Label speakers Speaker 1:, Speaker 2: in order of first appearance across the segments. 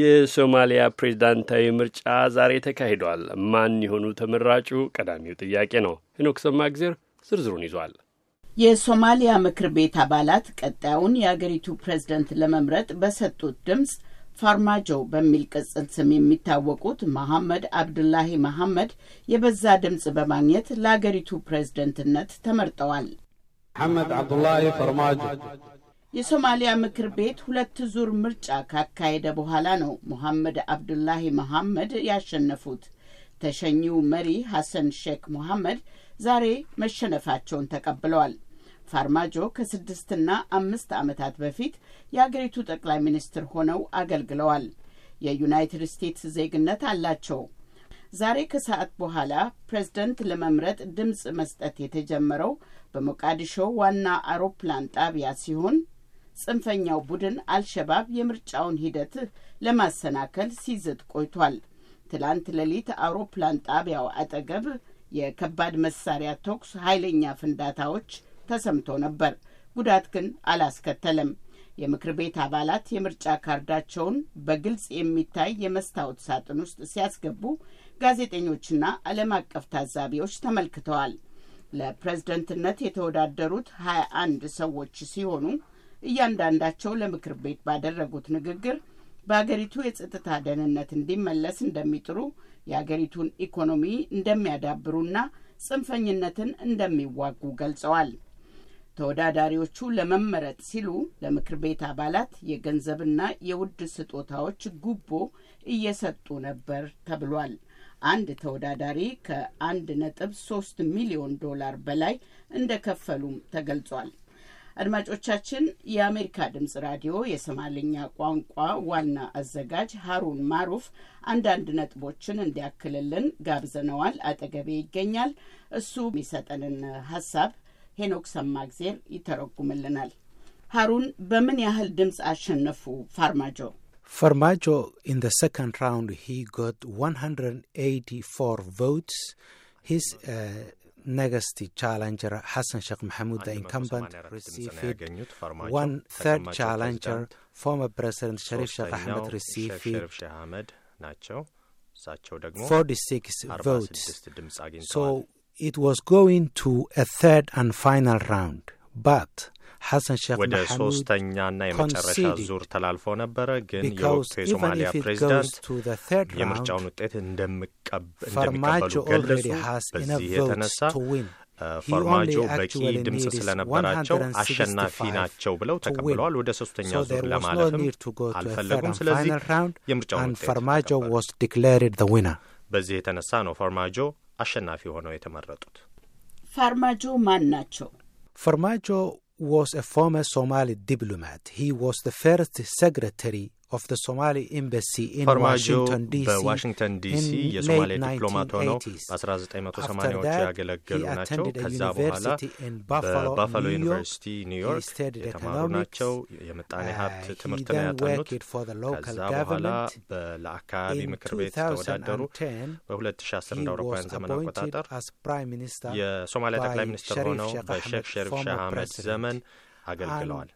Speaker 1: የሶማሊያ ፕሬዝዳንታዊ ምርጫ ዛሬ ተካሂዷል። ማን የሆኑ ተመራጩ ቀዳሚው ጥያቄ ነው። ሄኖክ ጊዜር ዝርዝሩን ይዟል።
Speaker 2: የሶማሊያ ምክር ቤት አባላት ቀጣዩን የአገሪቱ ፕሬዝደንት ለመምረጥ በሰጡት ድምፅ ፋርማጆ በሚል ቅጽል ስም የሚታወቁት መሐመድ አብዱላሂ መሐመድ የበዛ ድምፅ በማግኘት ለአገሪቱ ፕሬዝደንትነት ተመርጠዋል። መሐመድ አብዱላሂ ፈርማጆ የሶማሊያ ምክር ቤት ሁለት ዙር ምርጫ ካካሄደ በኋላ ነው ሙሐመድ አብዱላሂ መሐመድ ያሸነፉት። ተሸኚው መሪ ሐሰን ሼክ ሙሐመድ ዛሬ መሸነፋቸውን ተቀብለዋል። ፋርማጆ ከስድስትና አምስት ዓመታት በፊት የአገሪቱ ጠቅላይ ሚኒስትር ሆነው አገልግለዋል። የዩናይትድ ስቴትስ ዜግነት አላቸው። ዛሬ ከሰዓት በኋላ ፕሬዝደንት ለመምረጥ ድምፅ መስጠት የተጀመረው በሞቃዲሾ ዋና አውሮፕላን ጣቢያ ሲሆን ጽንፈኛው ቡድን አልሸባብ የምርጫውን ሂደት ለማሰናከል ሲዝት ቆይቷል። ትላንት ሌሊት አውሮፕላን ጣቢያው አጠገብ የከባድ መሳሪያ ተኩስ ኃይለኛ ፍንዳታዎች ተሰምቶ ነበር። ጉዳት ግን አላስከተለም። የምክር ቤት አባላት የምርጫ ካርዳቸውን በግልጽ የሚታይ የመስታወት ሳጥን ውስጥ ሲያስገቡ ጋዜጠኞችና ዓለም አቀፍ ታዛቢዎች ተመልክተዋል። ለፕሬዝደንትነት የተወዳደሩት ሀያ አንድ ሰዎች ሲሆኑ እያንዳንዳቸው ለምክር ቤት ባደረጉት ንግግር በአገሪቱ የጸጥታ ደህንነት እንዲመለስ እንደሚጥሩ የአገሪቱን ኢኮኖሚ እንደሚያዳብሩና ጽንፈኝነትን እንደሚዋጉ ገልጸዋል። ተወዳዳሪዎቹ ለመመረጥ ሲሉ ለምክር ቤት አባላት የገንዘብና የውድ ስጦታዎች ጉቦ እየሰጡ ነበር ተብሏል። አንድ ተወዳዳሪ ከአንድ ነጥብ ሶስት ሚሊዮን ዶላር በላይ እንደከፈሉም ተገልጿል። አድማጮቻችን፣ የአሜሪካ ድምጽ ራዲዮ የሶማልኛ ቋንቋ ዋና አዘጋጅ ሀሩን ማሩፍ አንዳንድ ነጥቦችን እንዲያክልልን ጋብዘነዋል። አጠገቤ ይገኛል። እሱ የሚሰጠንን ሀሳብ ሄኖክ ሰማእግዜር ይተረጉምልናል። ሀሩን በምን ያህል ድምፅ አሸነፉ ፋርማጆ?
Speaker 3: ፈርማጆ ኢን ዘ ሰከንድ ራውንድ ሂ ጎት 184 ቮትስ ሂስ ነገስቲ ቻላንጀር ሐሰን ሼክ መሐሙድ ኢንካምበንት ሪሲቭድ
Speaker 1: ዋን ተርድ ቻላንጀር
Speaker 3: ፎርመር ፕሬዚደንት ሸሪፍ ሼክ አሕመድ ሪሲቭድ
Speaker 1: ናቸው። እሳቸው ደግሞ 46 ቮትስ
Speaker 3: it was going to a third and final round, but ሐሰን ሼክ ወደ ሶስተኛና የመጨረሻ
Speaker 1: ዙር ተላልፎ ነበረ። ግን የወቅቱ የሶማሊያ ፕሬዚዳንት የምርጫውን ውጤት እንደሚቀበሉ ገለጹ። በዚህ የተነሳ ፎርማጆ በቂ ድምፅ ስለነበራቸው አሸናፊ ናቸው ብለው ተቀብለዋል። ወደ ሶስተኛ ዙር ለማለፍም አልፈለጉም። ስለዚህ
Speaker 3: የምርጫውን ውጤት
Speaker 1: በዚህ የተነሳ ነው ፎርማጆ Farmajo ሆነው የተመረጡት።
Speaker 2: ፋርማጆ
Speaker 3: was a former Somali diplomat. He was the first secretary ፈርማጆ በዋሽንግተን ዲሲ የሶማሊያ ዲፕሎማት ሆነው በ1980ዎቹ ያገለገሉ ናቸው። ከዛ በኋላ በባፋሎ ዩኒቨርሲቲ
Speaker 1: ኒውዮርክ የተማሩ ናቸው። የምጣኔ uh, ሀብት ትምህርትን ያጠኑት። ከዛ በኋላ ለአካባቢ ምክር ቤት ተወዳደሩ። በ2010 እንደ አውሮፓውያን ዘመን አቆጣጠር
Speaker 3: የሶማሊያ ጠቅላይ ሚኒስትር ሆነው በሼክ ሸሪፍ ሻህ አህመድ ዘመን አገልግለዋል።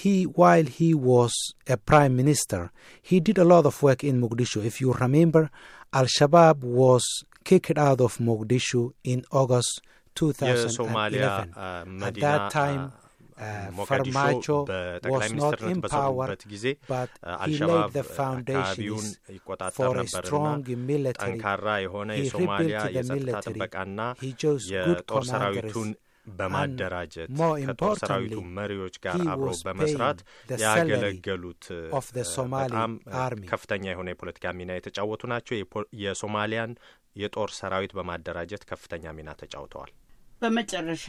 Speaker 3: he while he was a prime minister, he did a lot of work in Mogadishu. If you remember, Al Shabaab was kicked out of Mogadishu in August 2011. Uh, At that uh, time, uh, uh, Farmacho was not in power, but he laid uh, the foundation for a strong military. He rebuilt the
Speaker 1: military. He chose good commanders. በማደራጀት ከጦር ሰራዊቱ መሪዎች ጋር አብሮ በመስራት ያገለገሉት በጣም ከፍተኛ የሆነ የፖለቲካ ሚና የተጫወቱ ናቸው። የሶማሊያን የጦር ሰራዊት በማደራጀት ከፍተኛ ሚና ተጫውተዋል።
Speaker 2: በመጨረሻ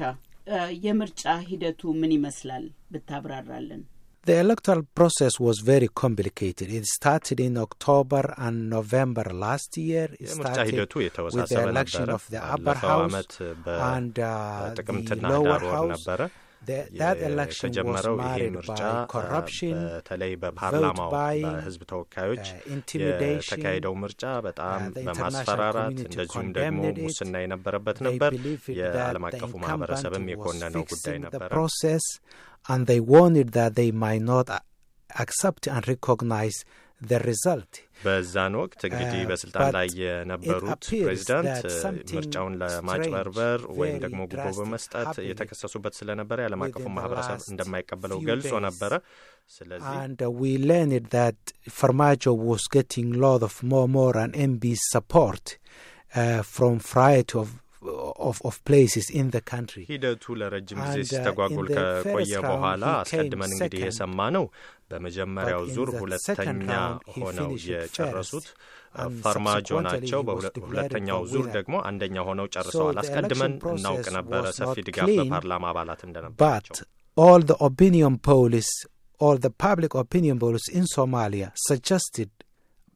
Speaker 2: የምርጫ ሂደቱ ምን ይመስላል ብታብራራለን?
Speaker 3: The electoral process was very complicated. It started in October and November last year. It started with the election of the upper house and uh, the lower house. የተጀመረው ይሄ ምርጫ
Speaker 1: በተለይ በፓርላማው በህዝብ ተወካዮች የተካሄደው ምርጫ በጣም በማስፈራራት እንደዚሁም ደግሞ ሙስና የነበረበት ነበር። የዓለም አቀፉ ማህበረሰብም የኮነነው ጉዳይ ነበር።
Speaker 3: And they warned that they might not accept and recognize
Speaker 1: በዛን ወቅት እንግዲህ በስልጣን ላይ የነበሩት ፕሬዚዳንት ምርጫውን ለማጭበርበር ወይም ደግሞ ጉቦ በመስጠት የተከሰሱበት ስለነበረ የዓለም አቀፉ ማህበረሰብ እንደማይቀበለው ገልጾ ነበረ። ስለዚህ
Speaker 3: of of places in the country
Speaker 1: ሂደቱ ለረጅም ጊዜ ሲስተጓጉል ከቆየ በኋላ አስቀድመን እንግዲህ የሰማ ነው። በመጀመሪያው ዙር ሁለተኛ ሆነው የጨረሱት
Speaker 3: ፋርማጆ ናቸው። በሁለተኛው ዙር
Speaker 1: ደግሞ አንደኛ ሆነው ጨርሰዋል። አስቀድመን እናውቅ ነበረ ሰፊ ድጋፍ በፓርላማ አባላት
Speaker 3: እንደነበራቸው። all the opinion polls or the public opinion polls in Somalia suggested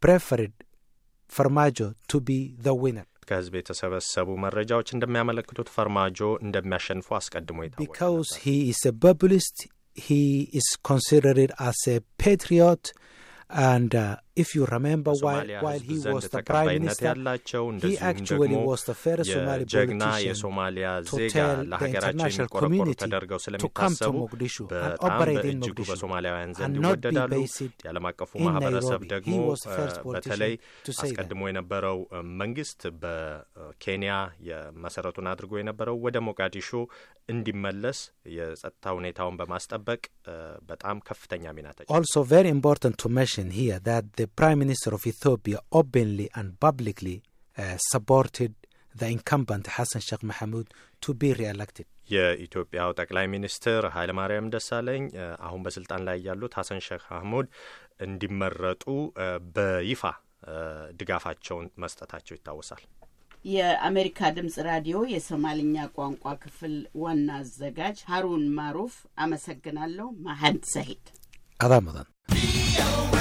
Speaker 3: preferred Farmajo to be the winner
Speaker 1: ከህዝብ የተሰበሰቡ መረጃዎች እንደሚያመለክቱት ፈርማጆ እንደሚያሸንፉ አስቀድሞ
Speaker 3: ይታወቃል። በሶማሊያ ሕዝብ ዘንድ ተቀባይነት ያላቸው እንደዚሁም ደግሞ የጀግና የሶማሊያ ዜጋ ለሀገራችን ቆረቆር ተደርገው ስለሚታሰቡ
Speaker 1: በጣም በእጅጉ በሶማሊያውያን ዘንድ ይወደዳሉ። የዓለም አቀፉ ማህበረሰብ ደግሞ በተለይ አስቀድሞ የነበረው መንግስት በኬንያ የመሰረቱን አድርጎ የነበረው ወደ ሞቃዲሾ እንዲመለስ የጸጥታ ሁኔታውን በማስጠበቅ uh, በጣም ከፍተኛ ሚና ተ
Speaker 3: Prime Minister of Ethiopia openly and publicly uh, supported the incumbent Hassan Sheikh Mahmoud to be re-elected.
Speaker 1: የኢትዮጵያው ጠቅላይ ሚኒስትር ኃይለማርያም ደሳለኝ uh, አሁን በስልጣን ላይ ያሉት ሀሰን ሼክ አህሙድ እንዲመረጡ uh, በይፋ uh, ድጋፋቸውን መስጠታቸው ይታወሳል።
Speaker 2: የአሜሪካ ድምጽ ራዲዮ የሶማልኛ ቋንቋ ክፍል ዋና አዘጋጅ ሀሩን ማሩፍ አመሰግናለሁ። ማሀድ ሰሂድ
Speaker 3: አዛመዛን